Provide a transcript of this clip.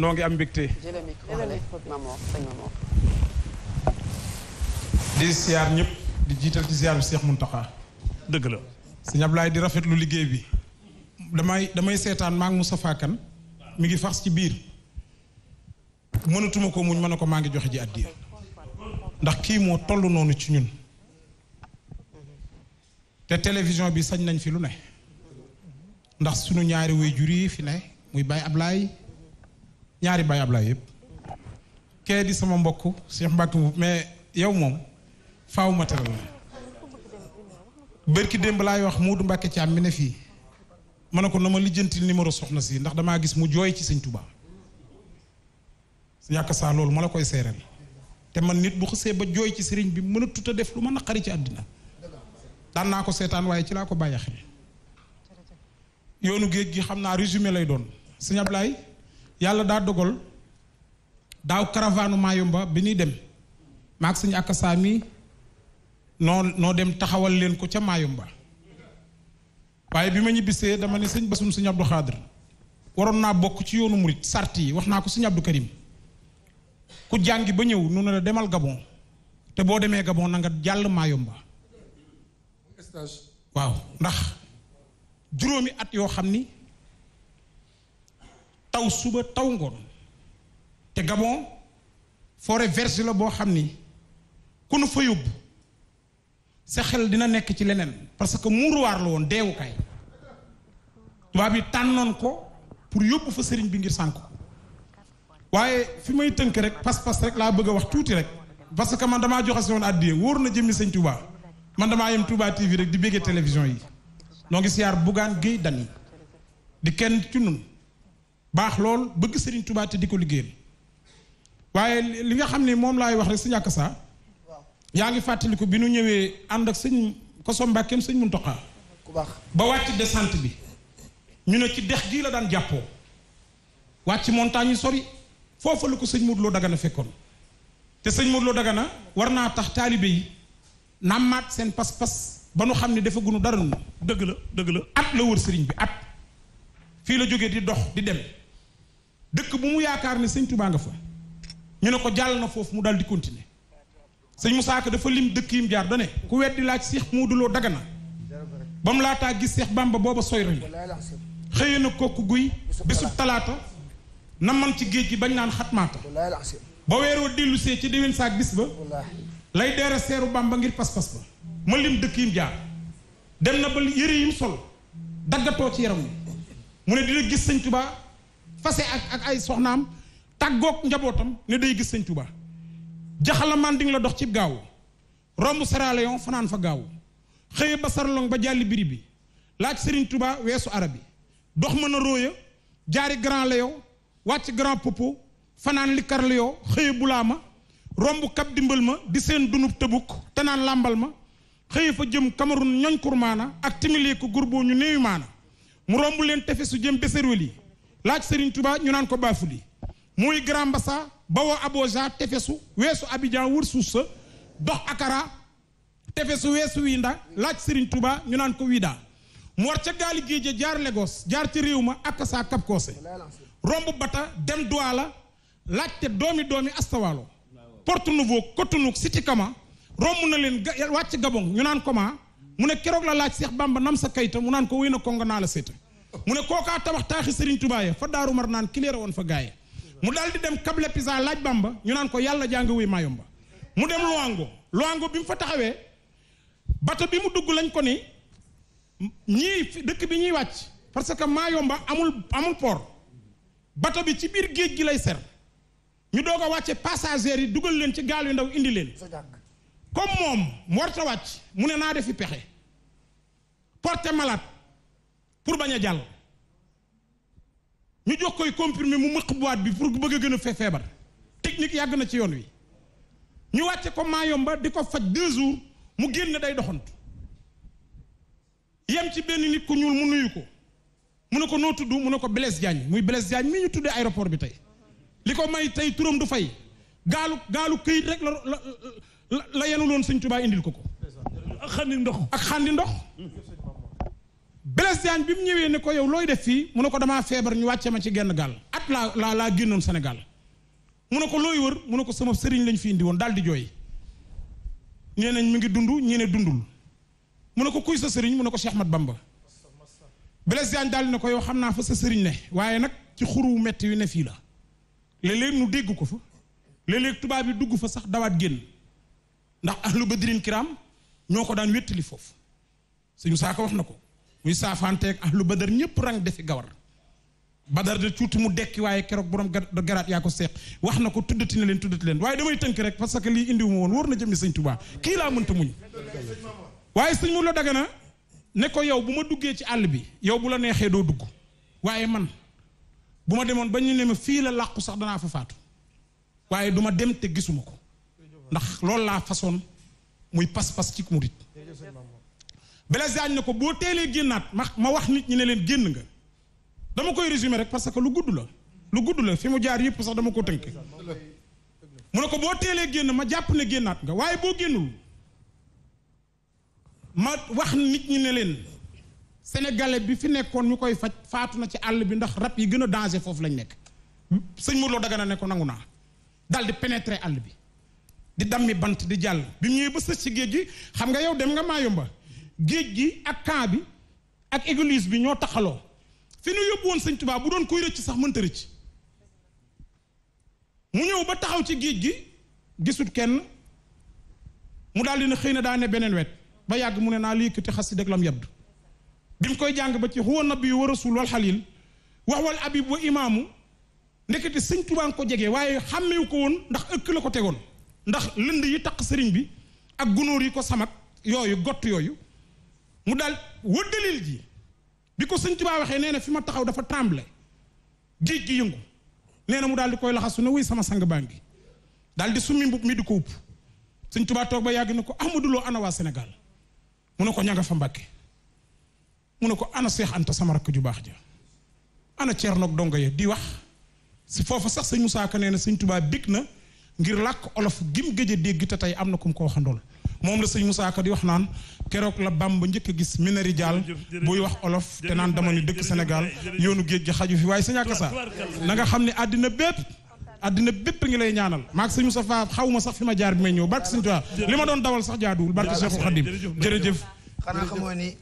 noo ngi am mbégte. di siyaar ñëpp di jiital ci siyaar bi Seex Muntaxa dëgg la. sëñ Ablaye di rafetlu liggéey bi. damay damay seetaan maa mu Moustapha Kane mi ngi fax ci biir. mënatuma ko muñ mën a ko maa ngi joxe ji addiya ndax kii moo toll noonu ci ñun te télévision bi sañ nañ fi lu ne ndax sunu ñaari way jur yi fi ne muy Baye Ablaye ñaari Baye Ablaye yëpp kee di sama mbokk Cheikh Mbacke mais yow moom faaw ma teral la bërki démb laay wax Moodu Mbacke ci am mi ne fii ma ne ko na ma lijjanti numéro soxna si ndax damaa gis mu jooy ci sëñ ñàkk saa loolu ma la koy seeral te man nit bu ba jooy ci sëriñ bi mën a tuta def lu ma naqari ci àddina daan naa ko seetaan waaye ci laa ko bàyyi xel yoonu géej gi xam naa résumé lay doon sëñ Ablaye yàlla daa dogal daaw caravane Mayumba bi ñuy dem maag suñu akasaa mi noo noo dem taxawal leen ko ca Mayumba waaye bi ma ñibbisee dama ne sëñ basum sëñ Abdou Khadr waroon naa bokk ci yoonu murit sart yi wax naa ko sëñ Abdou Karim ku jàngi ba ñëw nu ne la demal Gabon te boo demee Gabon na nga jàll Mayumba waaw ndax juróomi at yoo xam ni taw suba taw ngoon te Gabon forêt verte la boo xam ni ku nu fa yóbbu sa xel dina nekk ci leneen parce que muuruwaar la woon deewukaay tubaab yi tànnoon ko pour yóbbu fa sëriñ bi ngir sànk ko waaye fi may tënk rek pas-pas rek laa bëgg wax tuuti rek parce que man damaa joxe si woon àddiyee wóor na jëmmi sëñ Touba man damaa yem Touba TV rek di béggee télévision yi noo ngi siyaar Bougane Gueye Dany di kenn ci ñun baax lool bëgg Serigne tubaat te di ko liggéeyal waaye li nga xam ne moom laay wax rek si ñàkk saa yaa ngi fàttaliku bi nu ñëwee ànd ak sëñ koso mbàkkeem sëñ Muntaxa ku baax ba wàcc descente bi ñu ne ci dex gii la daan jàppoo wàcc montagne yi sori foofa la ko sëñ Modou Lo Dagana fekkoon te sëñ Modou Lo Dagana war naa tax taalibe yi nàmmaat seen pas-pas ba nu xam ne dafa gunu dara nu dëgg la dëgg la at la wër sëriñ bi at fii la jógee di dox di dem dëkk bu mu yaakaar ne sëñ Touba nga fa ñu ne ko jàll na foofu mu dal di continuer sëñ Moussa dafa lim dëkk yim jaar dane ku weddi laaj Cheikh duloo Lo na ba mu laataa gis Cheikh Bamba booba sooy roñ xëye na kooku guy bésub talaata na man ci géej gi bañ naan xatmaata ba weeroo dellu see ci déwén saak bis ba lay deera seeru Bamba ngir pas-pas ba ma lim dëkk yim jaar dem na ba yëre yim sol daggatoo ci yaram mu ne dina gis sëñ Touba fase ak ak ay soxnaam tàggoog njabootam ne day gis sëñ Touba jaxala manding la dox ci gaaw romb Sierra Leone fanaan fa gaaw xëye ba sarlong ba jàlli biri bi laaj sëriñ tubaa weesu arab yi dox mën a róoya jaari Grand Léo wàcc Grand Popo fanaan li kar Léo xëye romb kap dimbal ma di seen dunub tëbuk te naan làmbal ma xëye fa jëm Cameroun ñoñ kurmaana ak timileeku gurbo ñu néewi mu romb leen tefesu su jëm beserwel yi laaj Serigne Touba ñu naan ko Bafouly muy Grand Mbassa bawoo Aboja tefesu weesu Abidjan wër suuf sa dox Akara tefesu weesu wiinda laaj Serigne Touba ñu naan ko Wida mu war ca gaali géej jaar Lagos jaar ci réew ma ak saa Cap Kossé romb Bata dem Douala laajte doomi doomi Astawaalo Porto Novo Cotonou Siti Kama romb na leen wàcc Gabon ñu naan ko mu ne keroog la laaj Seex Bamba nam sa kayita mu naan ko wéy na konga naa la seeta mu ne kookaa tabax taaxi Serigne Touba fa daaru mar naan kileer woon fa gaaye mu daal di dem kable pisa laaj bamba ñu naan ko yàlla jàng wuy maayomba mu dem Luango Luango bi mu fa taxawee bato bi mu dugg lañ ko ni ñii dëkk bi ñuy wàcc parce que maayomba amul amul port bato bi ci biir géej gi lay ser ñu doog a wàcce passagers yi dugal leen ci gaal yu ndaw indi leen comme moom mu warta wàcc mu ne naa defi pexe porté malaat pour bañ a jàll ñu jox koy comprimé mu mëq waat bi pour bëgg a gën a fee feebar technique yàgg na ci yoon wi ñu wàcce ko maayomba di ko faj deux jour mu génn day doxantu yem ci benn nit ku ñuul mu nuyu ko mu ne ko noo tudd mu ne ko Blaise Diagne muy Blaise Diagne mii ñu tuddee aéroport bi tey li ko may tey turam du fay gaalu gaalu këyit rek la la la yenuloon Sëñ Tuubaa indil ko ko. ak xandi ndox ndox. Blaise bi mu ñëwee ne ko yow looy def fii mu ne ko damaa feebar ñu wàcce ma ci genn gàll at laa laa laa génnoon Sénégal mu ne ko looy wër mu ne ko sama sëriñ lañu fii indi woon daal di jooy nee nañ mu ngi dundu ñi ne dundul mu ne ko kuy sa sëriñ mu ne ko Cheikh mat Bamba Blaise Diagne daal ne ko yow xam naa fa sa sëriñ ne waaye nag ci xuru metti wi ne fii la léeg-léeg nu dégg ko fa léeg tubaab yi dugg fa sax dawaat génn ndax ba badrin kiram ñoo ko daan wéttali foofu suñu saaka wax na ko muy saafanteeg ahlu badar ñëpp rang defi gawar badar de tuuti mu dekki waaye keroog borom garaat yaa ko seex wax na ko tuddati na leen tuddati leen waaye damay tënk rek parce que lii indiwu ma woon wóor na jëmmi sëñ Tuubaa kii laa mënta muñ waaye sëñ mu la dagana ne ko yow bu ma duggee ci àll bi yow bu la neexee doo dugg waaye man bu ma demoon bañ ñu ne ma fii la làqu sax danaa fa faatu waaye duma dem te gisuma ko ndax loolu laa façon muy pas-pas ci murit Blaise Diagne ne ko boo teelee génnaat ma ma wax nit ñi ne leen génn nga dama koy résumer rek parce que lu gudd la lu gudd la fi mu jaar yëpp sax dama ko tënk mu ne ko boo teelee génn ma jàpp ne génnaat nga waaye boo génnul ma wax nit ñi ne leen sénégalais bi fi nekkoon ñu koy faj faatu na ci àll bi ndax rab yi gën a danger foofu lañ nekk sëñ Modou loo Dagana ne ko nangu naa dal di pénétrer àll bi di dammi bant di jàll bi mu ñëwee ba sës ci géej gi xam nga yow dem nga Mayumba géej gi ak camp bi ak église bi ñoo taxaloo fi nu yóbbu woon sëñ Tuubaa bu doon koy rëcc sax mënta rëcc mu ñëw ba taxaw ci géej gi gisut kenn mu daal dina xëy na daa ne beneen wet ba yàgg mu ne naa lii këti xas si dëgg lam yabdu bi mu koy jàng ba ci huwa nabi wa rasul wal xalil wax wal abib wa imaamu ndekete sëñ Tuubaa ko jege waaye xàmmewu ko woon ndax ëkk la ko tegoon ndax lënd yi taq sëriñ bi ak gunóor yi ko samak yooyu gott yooyu mu daal wa dalil ji bi ko sëñ Tuubaa waxee nee na fi ma taxaw dafa tremble géej gi yëngu nee na mu daal di koy laxasu ne wuy sama sang baa ngi daal di summi mbub mi di ko upp sëñ Tuubaa toog ba yàgg na ko Ahmadou Lo ana waa senegal mu ne ko ña nga fa Mbàkke mu ne ko ana Seex Anta sama rakk ju baax ja ana Ceerno ak dongo ya di wax si foofu sax sa Musaa Ka nee na sëñ Tuubaa big na ngir làkk olof gim gëj dégg te tey am na ku mu ko waxandool moom la sa Moussa Ka di wax naan keroog la baam ba njëkk a gis minari jaal buy wax olof te naan dama ni dëkk Sénégal yoonu géej gi xaju fi waaye sëñ Akassa na nga xam ne àddina bépp àddina bépp ngi lay ñaanal maa sëñ Moussa Fa xaw ma sax fi ma jaar bi may ñëw barke sëñ Tuubaa li ma doon dawal sax jaaduwul barke Seexu Xadim jërëjëf xanaa xamoo ni